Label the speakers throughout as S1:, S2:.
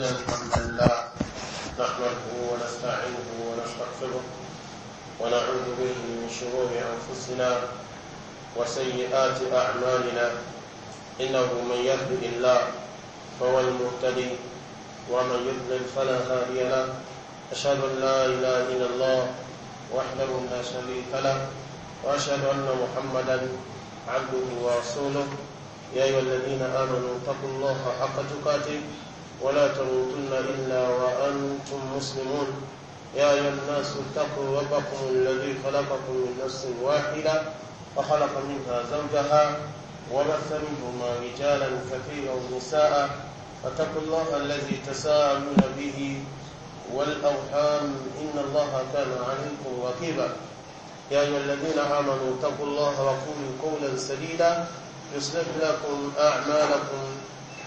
S1: إن الحمد لله نحمده ونستعينه ونستغفره ونعوذ به من شرور أنفسنا وسيئات أعمالنا إنه من يهد الله فهو المهتدي ومن يضلل فلا هادي له أشهد أن لا إله إلا الله وحده لا شريك له وأشهد أن محمدا عبده ورسوله يا أيها الذين آمنوا اتقوا الله حق تقاته ولا تموتن إلا وأنتم مسلمون يا أيها الناس اتقوا ربكم الذي خلقكم من نفس واحدة وخلق منها زوجها وبث منهما رجالا كثيرا ونساء فاتقوا الله الذي تساءلون به والأوهام إن الله كان عليكم رقيبا يا أيها الذين آمنوا اتقوا الله وقولوا قولا سديدا يصلح لكم أعمالكم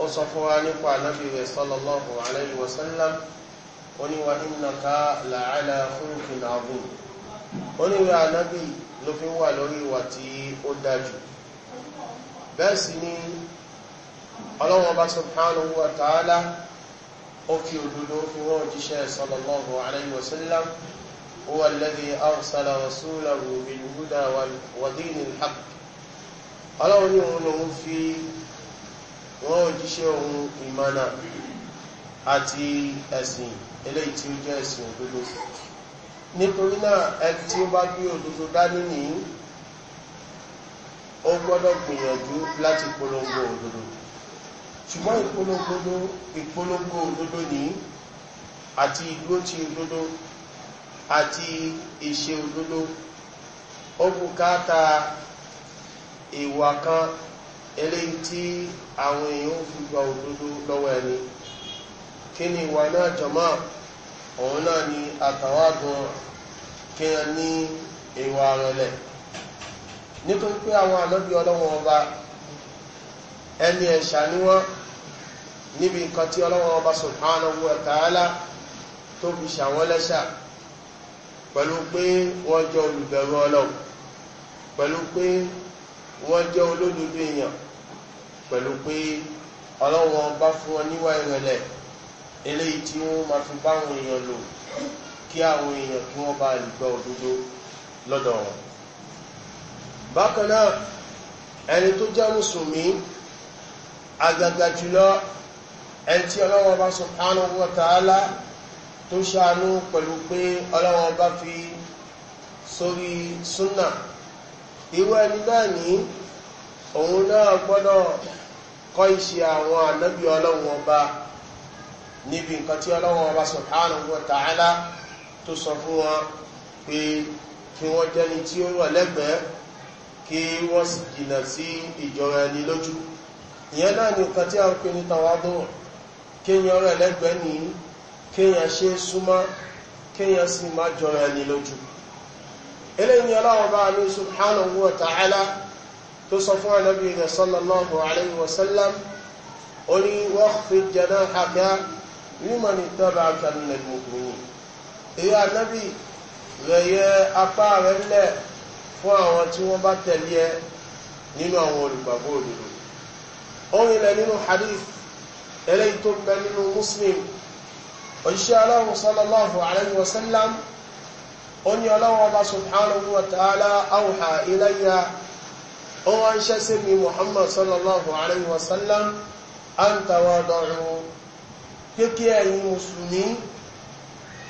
S1: ó sọ fún wa nípa ànábì rẹ̀ sallallahu alayhi wa sallam ó ní wa innaka la'ala khuluqin azim ó ní wa ànábì ló fi wà lórí ìwà tí ó dájú bẹ́ẹ̀ sì ni ọlọ́wọ́ bá subhanahu wa ta'ala ó fi òdúdó fi wọ́n jíṣẹ́ sallallahu alayhi هو الذي أرسل رسوله بالهدى ودين الحق ألو يؤمنه في wọ́n òjíṣẹ́ ohun ìmọ̀nà àti ẹ̀sìn eléyìí tí ó jẹ́ ẹ̀sìn òdodo nítorí náà ẹni tí ó bá gbé òdodo dání ní ó gbọ́dọ̀ gbìyànjú láti polongo òdodo ṣùgbọ́n ìpolongo ìpolongo òdodo ní àti igbó ti òdodo àti ìṣe òdodo ó bùkátà ìwà kan eléyìí tí àwọn èèyàn fi gba òdodo lọ́wọ́ ẹni kí ni ìwà náà jọmọ́ òun náà ni àtàwágun kí wọ́n ní ìwà àrọ̀lẹ̀ nítorí pé àwọn ànábì ọlọ́wọ́n ọba ẹni ẹ̀ṣà ni wọ́n níbi nǹkan tí ọlọ́wọ́n ọba sùnmọ́nàwó ẹ̀tàálá tó fi ṣàwọn lẹ́ṣà pẹ̀lú pé wọ́n jọ olùbẹ̀rù ọlọ́run pẹ̀lú pé wọ́n jẹ́ olódodo èèyàn pẹ̀lú pé ọlọ́wọ́n bá fún wọn níwà ìrẹ̀lẹ̀ eléyìí tí wọ́n máa fi bá àwọn èèyàn lò kí àwọn èèyàn kí wọ́n bá lè gbọ́ òdodo lọ́dọ̀ wọn. bákan náà ẹni tó jẹ́ mùsùlùmí àgàgà jùlọ ẹni tí ọlọ́wọ́n bá sọ pánú wọ́n tààlà tó ṣàánú pẹ̀lú pé ọlọ́wọ́n bá fi sórí súnà irú ẹni náà ní òun náà gbọ́dọ̀ kọ́ iṣẹ́ àwọn ànábì ọlọ́run ọba níbi nǹkan tí ọlọ́run ọba sọ̀tánù wọn tààlá tó sọ fún wọn pé kí wọ́n jẹ́ni tí ó wà lẹ́gbẹ̀ẹ́ kí wọ́n sì jìnà sí ìjọra ẹni lójú ìyẹn náà ni nǹkan tí a ń pè ní tàwádọ́ kéèyàn rẹ̀ lẹ́gbẹ̀ẹ́ ní kéèyàn ṣe súnmọ́ kéèyàn sì má jọra ẹni lójú eléyìí ọlọ́wọ́ bá mi subhanahu wa ta'ala tó sọ fún ànábì rẹ̀ sallallahu alayhi wa sallam ó ní waqfid janahaka liman ittaba'aka minal mu'minin èyí ànábì rẹ̀ yẹ apá rẹ̀ lẹ̀ fún àwọn tí wọ́n bá tẹ̀lé ẹ nínú àwọn olùgbàgbọ́ òṣìṣẹ́ aláwọ̀ sallallahu alayhi wa ó ní ọlọ́wọ́ ọba subhanahu wa ta'ala awha ilayya ó wá ń ṣẹ́ sí mi muhammad sallallahu alayhi wa sallam an tawadu kékè ẹ̀yin mùsùlùmí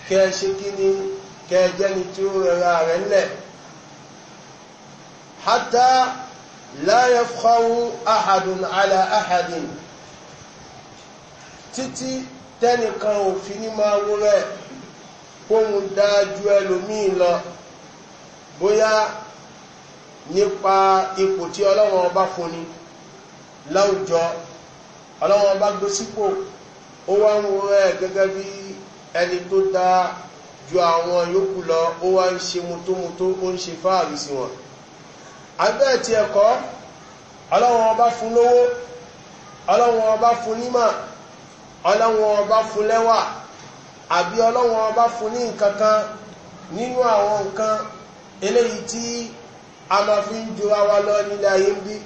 S1: kẹ́ ṣe kí ni kẹ́ jẹ́ni tí ó rẹra rẹ̀ ńlẹ̀ hatta la yafkhawu ahadun ala ahadin títí tẹ́nìkan òfin ní máa wó kóhun dáájú ẹlòmíì lọ bóyá nípa ipò tí ọlọ́wọ́n ọba fún ni láwùjọ ọlọ́wọ́n ọba gbé sípò ó wá ń wọ ẹ gẹ́gẹ́ bí ẹni tó dáa ju àwọn yòókù lọ ó wá ń ṣe mutómutó ó ń ṣe fáàrí sí wọn abẹ́ ti ẹ̀kọ́ ọlọ́wọ́n ọba fún lówó ọlọ́wọ́n ọba fún nímà ọlọ́wọ́n ọba fún lẹ́wà àbí ọlọ́wọ́n ọba fún ní nǹkan kan nínú àwọn nǹkan eléyìí tí a ma fi ń ju ara lọ nílẹ̀ ayé ń bí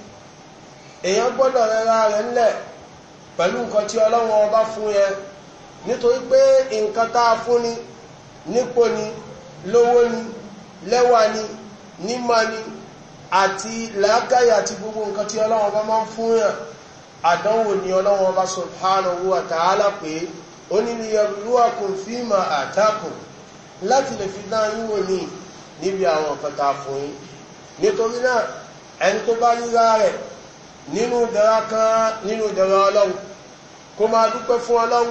S1: èèyàn gbọ́dọ̀ rẹra rẹ̀ ńlẹ̀ pẹ̀lú nǹkan tí ọlọ́wọ́n ọba fún yẹn nítorí pé nǹkan tá a fún ni nípò ni lówó ni lẹ́wà ni nímọ̀ ni àti làákàyè àti gbogbo nǹkan tí ọlọ́wọ́n ọba máa ń fún yẹn àdánwò ni ọlọ́wọ́n ọba subhanahu wa ta'ala pé ó ní liyabluwakum fima atakum láti lè fi dán yín wò ní níbi àwọn nǹkan tá a fún yín nítorí náà ẹni tó bá ríra rẹ̀ nínú ìdára kan nínú ìdára ọlọ́run kó máa dúpẹ́ fún ọlọ́run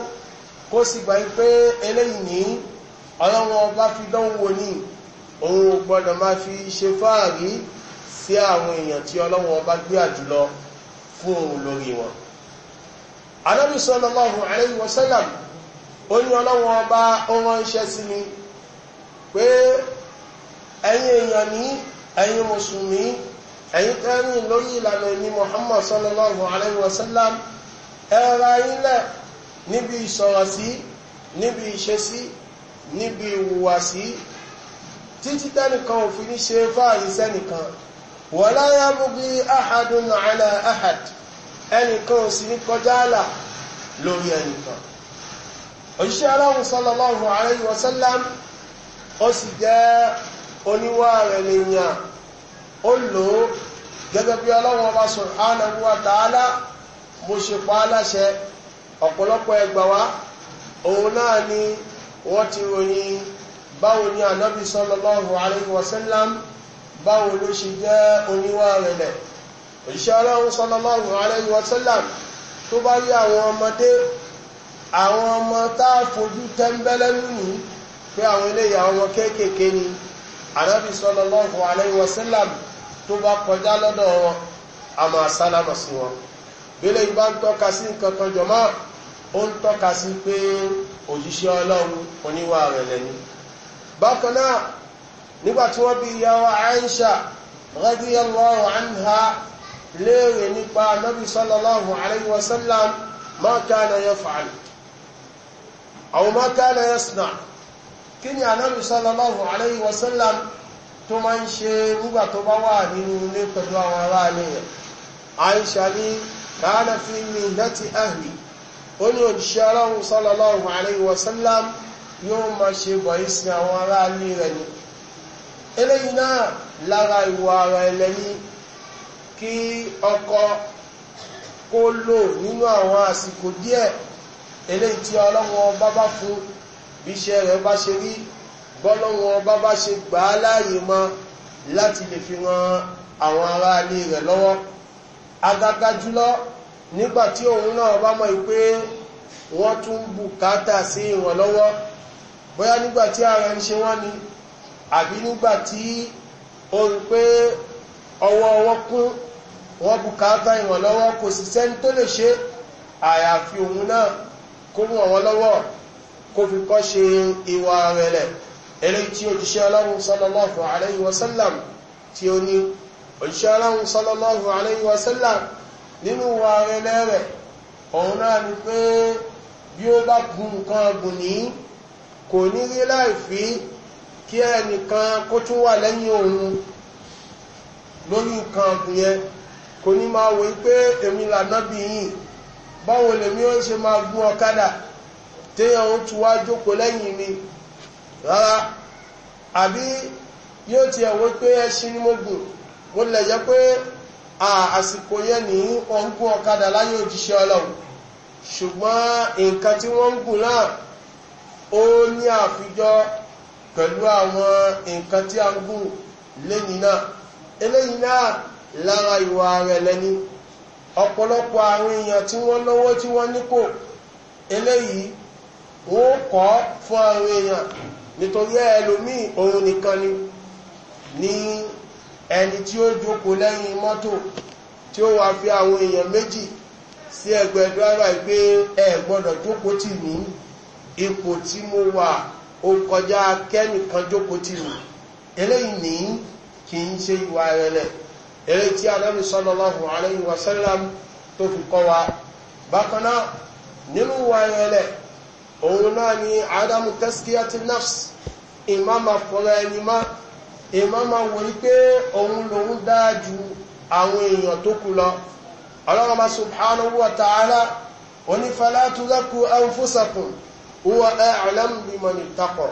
S1: kó sì gbà yí pé eléyìí ní ọlọ́run ọba fi dán wò ní òun ò gbọ́dọ̀ máa fi ṣe fáàrí sí àwọn èèyàn tí ọlọ́run ọba gbé àjùlọ fún òun lórí wọn. anábìsọ́ lọ́lọ́run àrẹ́yìn wọ́sẹ́làmù ó ní ọlọ́wọ́n ọba ó ránṣẹ́ sí mi pé ẹ̀yin èèyàn ní ẹ̀yin mùsùlùmí ẹ̀yin tẹ́rìn lórí ìlànà ìní muhammad sallallahu alayhi wa sallam ẹ̀ra ilẹ̀ níbi ìsọ̀rọ̀ sí níbi ìṣesí níbi ìwùwàsí títí tẹ́nìkan ò fi ní ṣe fáàrí sẹ́nìkan wọ́n láyá gbogbo ahadun ala ahad ẹnìkan ò sì ní kọjá àlà lórí ẹnìkan òṣìṣẹ́ aláwọ̀ sallallahu alayhi wa sallam ó sì jẹ́ oníwà rẹ̀ nìyàn ó lò ó gẹ́gẹ́ bí ọlọ́wọ́n ọba subhanahu wa ta'ala mo ṣe pa á láṣẹ ọ̀pọ̀lọpọ̀ ẹgbà wá òun náà ni wọ́n ti ròyìn báwo ni ànábì sallallahu alayhi wa sallam báwo ló ṣe jẹ́ oníwà rẹ̀ lẹ̀ òṣìṣẹ́ aláwọ̀ sallallahu alayhi wa tó bá rí àwọn ọmọdé àwọn ọmọ tá a fojú tẹ́ńbẹ́lẹ́ nínú pé àwọn eléyìí àwọn ọmọ kéékèèké ni ànábì sallallahu alaihi wasallam tó bá kọjá lọ́dọ̀ wọn a máa sálámà sí wọn bílẹ̀ ìbá ń tọ́ka sí nǹkan kan jọmọ́ ó ń tọ́ka sí pé òjíṣẹ́ ọlọ́run oníwà rẹ̀ lẹ́ni bákan náà nígbàtí wọ́n bí ìyá wa Aisha radiyallahu léèrè nípa nabi sallallahu alaihi wasallam ma kana yaf'al aw ma kana yasna kí ni anábì sallallahu alayhi wa sallam tó máa ń ṣe nígbà tó bá wà nínú ilé pẹ̀lú àwọn ará ilé rẹ̀ Aisha ní kana fi mihnati ahli ó ní òjíṣẹ́ ọlọ́run sallallahu alayhi wa sallam yóò ma ṣe bọ̀yí sí àwọn ará ilé rẹ̀ ni eléyìí náà lára ìwà ara ẹlẹ́ni kí ọkọ kó lò nínú àwọn àsìkò díẹ̀ eléyìí tí ọlọ́wọ́n ọba bá fún bí iṣẹ́ rẹ̀ bá ṣe rí bọ́lọ́wọ́n ọba bá ṣe gbà á láàyè mọ́ láti lè fi ran àwọn aráalé rẹ̀ lọ́wọ́ agaga jùlọ nígbà tí òun náà bá mọ̀ pé wọ́n tún bùkátà sí ìrànlọ́wọ́ bóyá nígbà tí ara ń ṣe wọ́n ni àbí nígbà tí ó rí pé ọwọ́ wọn kún wọ́n bùkátà ìrànlọ́wọ́ kò sì sẹ́ni tó lè ṣe àyàfi òun náà kó mú àwọn lọ́wọ́ kó fi kọ́ ṣe ìwà rẹ̀lẹ̀ eléyìí tí òjíṣẹ́ ọlọ́run sallallahu alayhi wa sallam tí ó ní òjíṣẹ́ ọlọ́run sallallahu alayhi wa sallam nínú wa rẹ̀lẹ̀ rẹ̀ òun náà ni pé bí ó bá gun nǹkan gùn kò ní rí láìfí kí ẹnìkan kó tún wà lẹ́yìn òun lórí nǹkan gùn yẹn kò ní máa wòye pé èmi lànà bí báwo lèmi ó ṣe máa gún ọ̀kadà téèyàn ń tu wá jókòó lẹ́yìn mi rárá àbí yóò ti ẹ̀wọ́ pé ẹṣin ni mo gùn mo lè jẹ́ pé àsìkò yẹn ní wọ́n ń gún ọ̀kadà láyé òjíṣẹ́ ọlọ́run ṣùgbọ́n nǹkan tí wọ́n ń gùn náà ó ní àfijọ́ pẹ̀lú àwọn nǹkan tí a ń gùn lẹ́yìn náà eléyìí náà lára ìwà rẹ̀ lẹ́ni ọ̀pọ̀lọpọ̀ àwọn èèyàn tí wọ́n lówó tí wọ́n nípò eléyìí wọ́n kọ́ fún àwọn èèyàn nítorí ẹlòmíì òun nìkan ni ní ẹni tí ó jókòó lẹ́yìn mọ́tò tí ó wà fi àwọn èèyàn méjì sí ẹgbẹ́ dráìvà pé ẹ gbọ́dọ̀ jókòó tì mí ipò tí mo wà ó kọjá kẹ́nìkan jókòó tì mí eléyìí ní kì í ṣe ìwà rẹ̀ èyí tí anábì sallallahu alayhi wa tó fi kọ́ wa bákan náà nínú wa ẹlẹ́ òun náà ni adamu taskiyati nafs imama fọ́nà ẹni má ìmáma wòye pé òun lòun dáa àwọn èèyàn tó kú lọ subhanahu wa ta'ala oní falátúlákù anfúsàkùn wọ ẹ̀rọ̀lẹ́mù bímọ ní takọ̀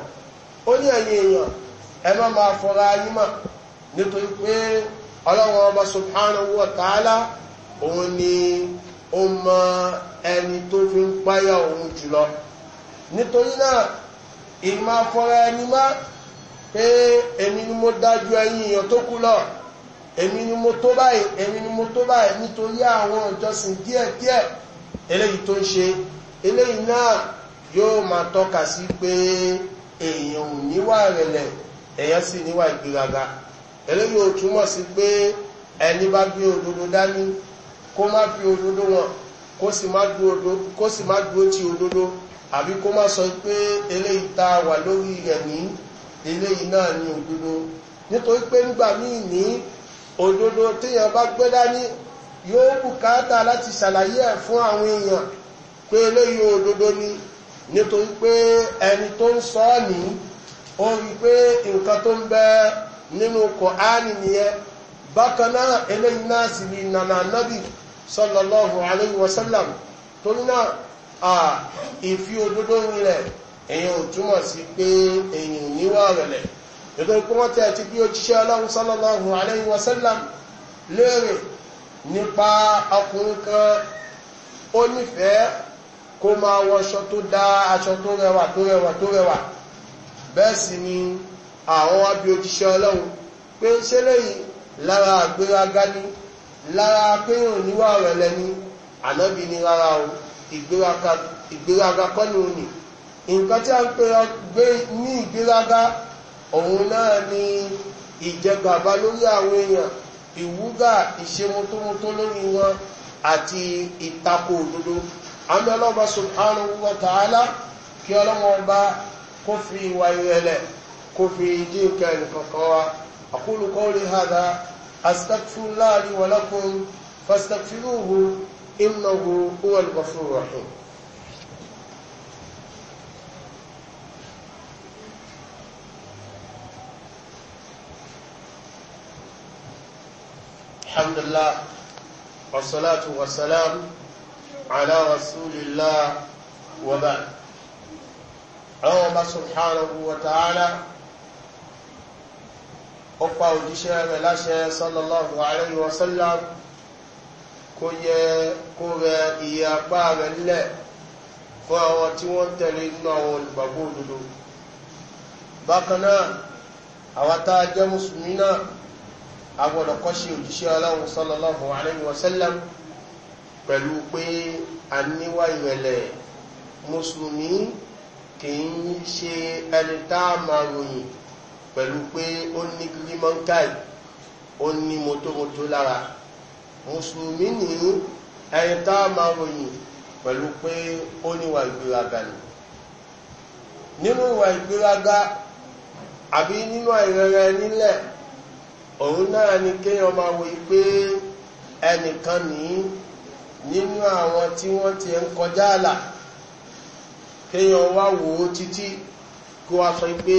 S1: ó ní ẹ̀yìn èèyàn ẹ má ma fọ́ra nítorí pé ọlọ́wọ́ ọba subhanahu wa ta'ala òun ni ó mọ ẹni tó fi ń páyà òun jùlọ nítorí náà ìmá fọ́ra ẹni má pé èmi ni mo dájú ẹyin èèyàn tó kú lọ èmi ni mo tó báyìí èmi ni mo tó báyìí nítorí àwọn ìjọsìn díẹ̀díẹ̀ eléyìí tó ń ṣe eléyìí náà yóò máa tọ́ka sí pé èèyàn ò níwà rẹ̀lẹ̀ èèyàn sì níwà ìgbéraga eléyìí ò túmọ̀ sí pé ẹni bá gbé òdodo dání kó má fi òdodo wọn kó sì má dúró ti òdodo àbí kó má sọ pé eléyìí ta wà lórí rẹ̀ ní eléyìí náà ní òdodo nítorí pé nígbà míì ní òdodo téèyàn bá gbé dání yóò bùkátà láti ṣàlàyé ẹ̀ fún àwọn èèyàn pé eléyìí òdodo ni nítorí pé ẹni tó ń sọ ọ́ ní ó rí pé nǹkan tó ń bẹ́ẹ̀ nínú Kùránì nìyẹn bákan náà eléyìí náà sì ni nànà nábì sallallahu alayhi wa sallam torí náà ìfi òdodo rinlẹ̀ èyàn ò túmọ̀ sí pé èyàn níwà rẹ̀lẹ̀ ètò ìpọ́nmọ́tẹ̀ àti bí òjíṣẹ́ Ọlọ́run sallallahu alayhi wa léèrè nípa ọkùnrin kan ó nífẹ̀ẹ́ kó máa wọṣọ tó dá aṣọ tó rẹwà tó rẹwà tó rẹwà bẹ́ẹ̀ sì ni àwọn wá bí òjíṣẹ́ ọlọ́run pé ṣé lẹ́yìn lára àgbéraga ní lára pé òun níwà rẹ̀ lẹ́ni ànábì ní rárá o ìgbéraga kọ́ ni òun nì nǹkan tí a ń pè ní ìgbéraga òun náà ni ìjẹgàba lórí àwọn èèyàn ìwúgà ìṣemutómutó lórí wọn àti ìtakò òdodo àmì ọlọ́ba subhanahu wa ta'ala kí ọlọ́wọ́n bá kó fi ìwà ìrẹ̀lẹ̀ جيك الفقراء أقول قولي هذا أستغفر الله لي ولكم فاستغفروه إنه هو الغفور الرحيم الحمد لله والصلاة والسلام على رسول الله وبعد الله سبحانه وتعالى ó pa òjíṣẹ́ rẹ̀ láṣẹ sallallahu alayhi wa sallam kó yẹ kó rẹ iye apá rẹ̀ nílẹ̀ fún àwọn tí wọ́n tẹ̀lé nínú àwọn olùgbàgbọ́ òdodo bákan náà àwọn tá a jẹ́ mùsùlùmí náà a gbọ́dọ̀ kọ́ṣe òjíṣẹ́ ọlọ́run sallallahu alayhi wa sallam pẹ̀lú pé a níwá ìrẹ̀lẹ̀ mùsùlùmí kì í ṣe ẹni tá a máa ròyìn pẹ̀lú pé ó ní gírímọ́ńkáì ó ní mọ́tòmọ́tò lára mùsùlùmí ní ẹni tá a máa ròyìn pẹ̀lú pé ó níwà ìgbéraga nì nínú ìwà ìgbéraga àbí nínú àìrẹrẹ nílẹ̀ òun náà ni kéèyàn máa wòye pé ẹnìkan ní nínú àwọn tí wọ́n ti ń kọjá àlà kéèyàn wá wò ó títí kó wá sọ pé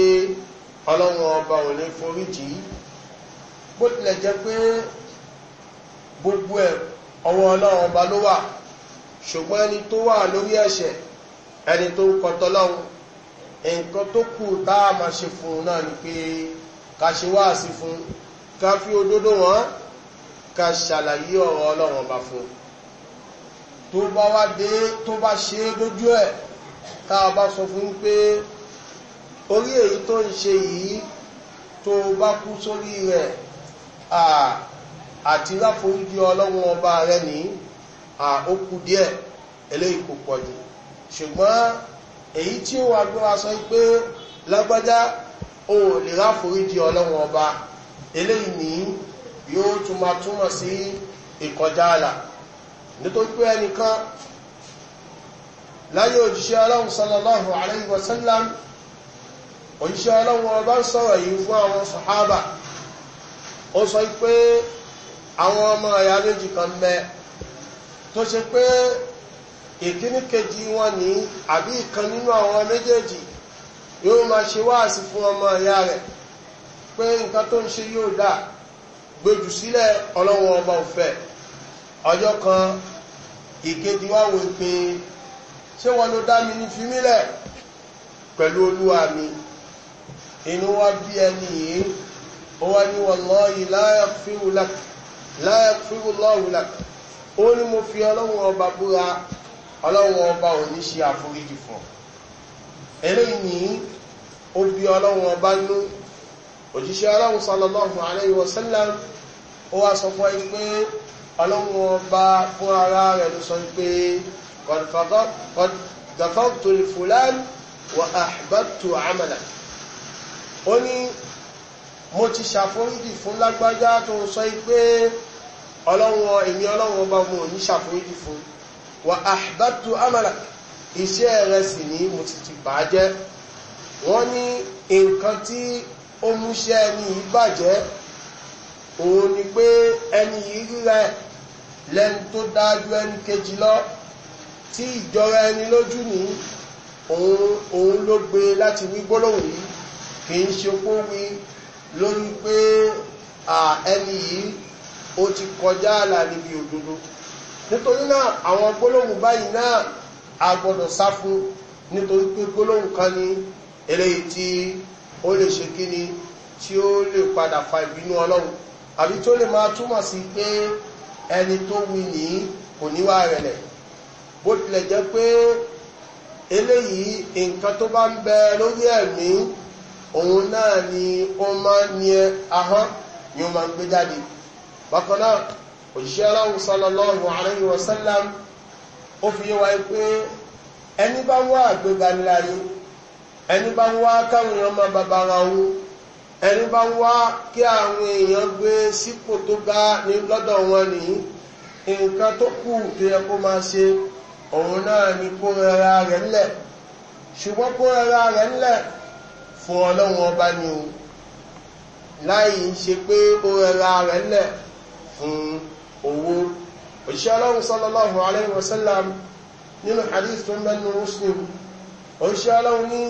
S1: ọlọ́run ọba ò lè forí jì í bó tilẹ̀ jẹ́ pé gbogbo ẹ̀ ọwọ́ ọlọ́run ọba ló wà ṣùgbọ́n ẹni tó wà lórí ẹ̀ṣẹ̀ ẹni tó ń kọtọ́ lọ́run nǹkan tó kù tá a máa ṣe fún un náà ni pé ká ṣe wá sí fún un ká fi òdodo wọn ká ṣàlàyé ọ̀rọ̀ ọlọ́run ọba fún un tó bá wá dé tó bá ṣe é lójú ẹ̀ tá a bá sọ fún un pé orí èyí tó ń ṣe yìí tó bá kú sórí rẹ̀ àti láforíjì ọlọ́run ọba rẹ̀ ní àókù díẹ̀ eléyìí kò pọ̀ jù ṣùgbọ́n èyí tí ó wà gbé wa sọ pé lágbájá o lè ráforíjì ọlọ́run ọba eléyìí ní yóò tún máa sí ìkọjá àlà nítorí pé ẹnìkan láyé òjíṣẹ́ ọlọ́run sallallahu alayhi wa òjíṣẹ́ ọlọ́run ọba ń sọ̀rọ̀ yìí fún àwọn sàhábà ó sọ pé àwọn ọmọ ẹ̀yà méjì kan bẹ tó ṣe pé ìkíní kejì wọn ní àbí ìkan nínú àwọn méjèèjì yóò máa ṣe wáàsí fún ọmọ ẹ̀yà rẹ̀ pé nǹkan tó ń ṣe yóò dà gbèjù sílẹ̀ ọlọ́run ọba òfẹ́ ọjọ́ kan ìkejì wá wò pé ṣé wọn ló dá mi ní fi mílẹ̀ pẹ̀lú olúwa mi inú wá bí ẹni yìí ó wá ní wallahi la yaghfiru lak la yaghfiru Allahu lak ó ní mo fi ọlọ́run ọba búra ọlọ́run ọba ò ní ṣe àforíjì fún eléyìí ó bí ọlọ́run ọba nú òjíṣẹ́ ọlọ́run sallallahu alayhi wa sallam ó wá sọ fún ẹni pé ọlọ́run ọba fún ara rẹ̀ ló sọ pé qad ghafartu li fulan wa ahbabtu amala ó ní mo ti ṣàforíjì fún lágbájá tó ń sọ pé ọlọ́wọ́ èmi ọlọ́wọ́ bá mú òní ṣàforíjì fún wà ahbatu amala iṣẹ́ rẹ̀ sì ní mo ti ti bàájẹ́ wọ́n ní nǹkan tí ó múṣẹ́ ẹni yìí bàjẹ́ òun ni pé ẹni yìí ríra ẹ̀ tó dájú ẹni kejì lọ tí ìjọra ẹni lójú ní òun ló gbé láti wí gbólóhùn yìí kì í ṣe kó lórí pé ẹni yìí ó ti kọjá àlà níbi òdodo nítorí náà àwọn gbólóhùn báyìí náà a gbọ́dọ̀ sá fún nítorí pé gbólóhùn kan ni eléyìí tí ó lè ṣe kí ni tí ó lè padà fa ìbínú ọlọ́run àbí tó lè máa túmọ̀ sí pé ẹni tó wí ní kò níwà rẹ̀lẹ̀ bó tilẹ̀ jẹ́ pé eléyìí nǹkan tó bá ń bẹ lórí ẹ̀mí òun náà ni ó máa ní ahọ́n ni ó máa ń gbé jáde bákan náà òṣìṣẹ́ aláwọ̀ sallallahu alayhi wa sallam ó fi yé wa pé ẹni bá ń wá àgbéga níláyé ẹni bá ń wá káwọn èèyàn máa bàbá ara wọn ẹni bá ń wá kí àwọn èèyàn gbé sípò tó ga ní lọ́dọ̀ wọn nìyí nǹkan tó kù tó yẹ kó máa ṣe òun náà ni kó rẹra rẹ̀ ńlẹ̀ ṣùgbọ́n kó rẹra rẹ̀ ńlẹ̀ fún ọlọ́run ọba ni o láì ṣe pé ó rẹra rẹ̀ lẹ̀ fún owó òṣìṣẹ́ ọlọ́run sallallahu alaihi wasallam nínú hadith tó mẹ́nu muslim òṣìṣẹ́ ọlọ́run ní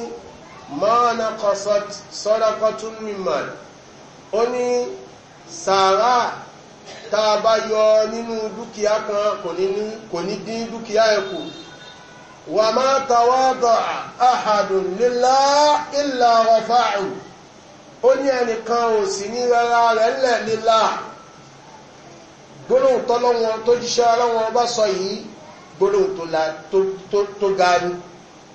S1: mọ́ọ̀nà kọsọt sọ́dọ̀kọtún mìíràn ó ní sàárà tá a bá yọ nínú dúkìá kan kò ní dín dúkìá ẹ̀kù وما تواضع أحد لله إلا رفعه ó ní ẹnìkan ò sí ní rárá rẹ̀ ńlẹ̀ lílá gbólóhùn tó lọ́wọ́n tó jíṣẹ́ ọlọ́wọ́n bá sọ yìí gbólóhùn tó ga ni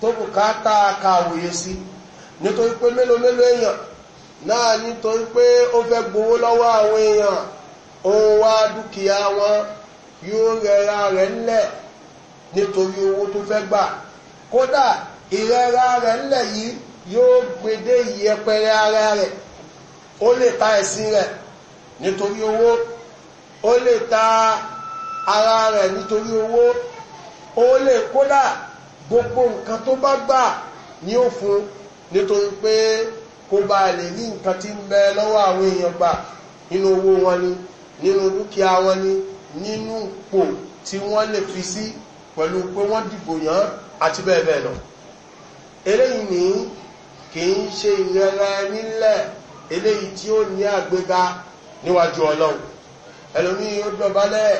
S1: tó bùkátà kàwòye sí nítorí pé mélòó mélòó èèyàn nítorí owó tó fẹ́ gbà kódà ìrẹ́ra rẹ̀ ńlẹ̀ yìí yóò gbede ìyẹpẹrẹ ara rẹ̀ ó lè ta ẹ̀sìn rẹ̀ nítorí owó ó lè ta ara rẹ̀ nítorí owó ó lè kódà gbogbo nǹkan tó bá gbà fún nítorí pé kó bá lè rí nǹkan tí ń bẹ lọ́wọ́ àwọn èèyàn gbà nínú owó wọn ni nínú dúkìá ni nínú ipò tí wọ́n lè fi pẹ̀lú pé wọ́n dìbò yán àti bẹ́ẹ̀ bẹ́ẹ̀ lọ eléyìí ní kìí ṣe ìrẹ́rẹ́ nílẹ̀ eléyìí tí ó ní àgbéga níwájú ọlọ́run ẹlòmí ó dọ̀bálẹ̀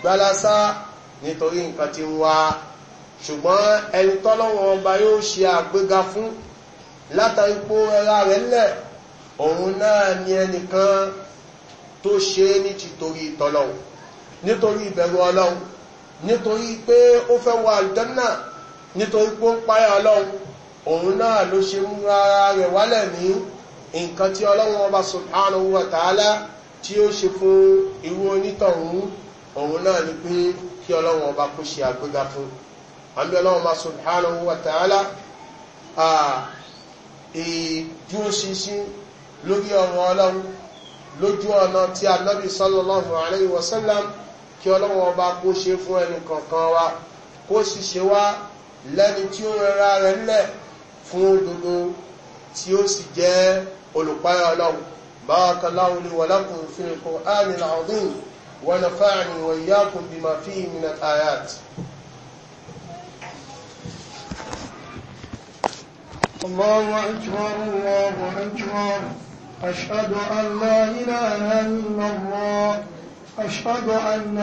S1: gbalásá nítorí nǹkan ti wá ṣùgbọ́n ẹni tọ́lọ́wọ́ ọba yóò ṣe àgbéga fún látàrí pó rẹ̀ lẹ̀ òun náà ni ẹnìkan tó ṣe ní tìtorí tọ́lọ́run nítorí ìbẹ̀rù ọlọ́run nítorí pé ó fẹ́ wọ àlùjànnà nítorí pé ó ń páyà ọlọ́run òun náà ló ṣe mú ara rẹ̀ wálẹ̀ ní nǹkan tí ọlọ́run ọba subhanahu wa ta'ala tí ó ṣe fún irú onítọ̀hún òun náà ni pé kí ọlọ́run ọba kó ṣe àgbéga fún àmì ọlọ́run ọba subhanahu wa ta'ala ìdúró ṣinṣin lórí ọ̀rọ̀ ọlọ́run lójú ọ̀nà tí anábì sallallahu alayhi wa kí ọlọ́wọ́ ọba kó ṣe fún ẹnu kankan wa kó sì ṣe wá lẹ́ni tí ó rẹra rẹ̀ ńlẹ̀ fún òdodo tí ó sì jẹ́ olùpáyà ọlọ́run barakallahu li wa lakum fil qur'anil azim wa nafa'ani wa iyyakum bima fihi min al-ayat الله أكبر الله أكبر أشهد أن لا إله إلا الله أشهد أن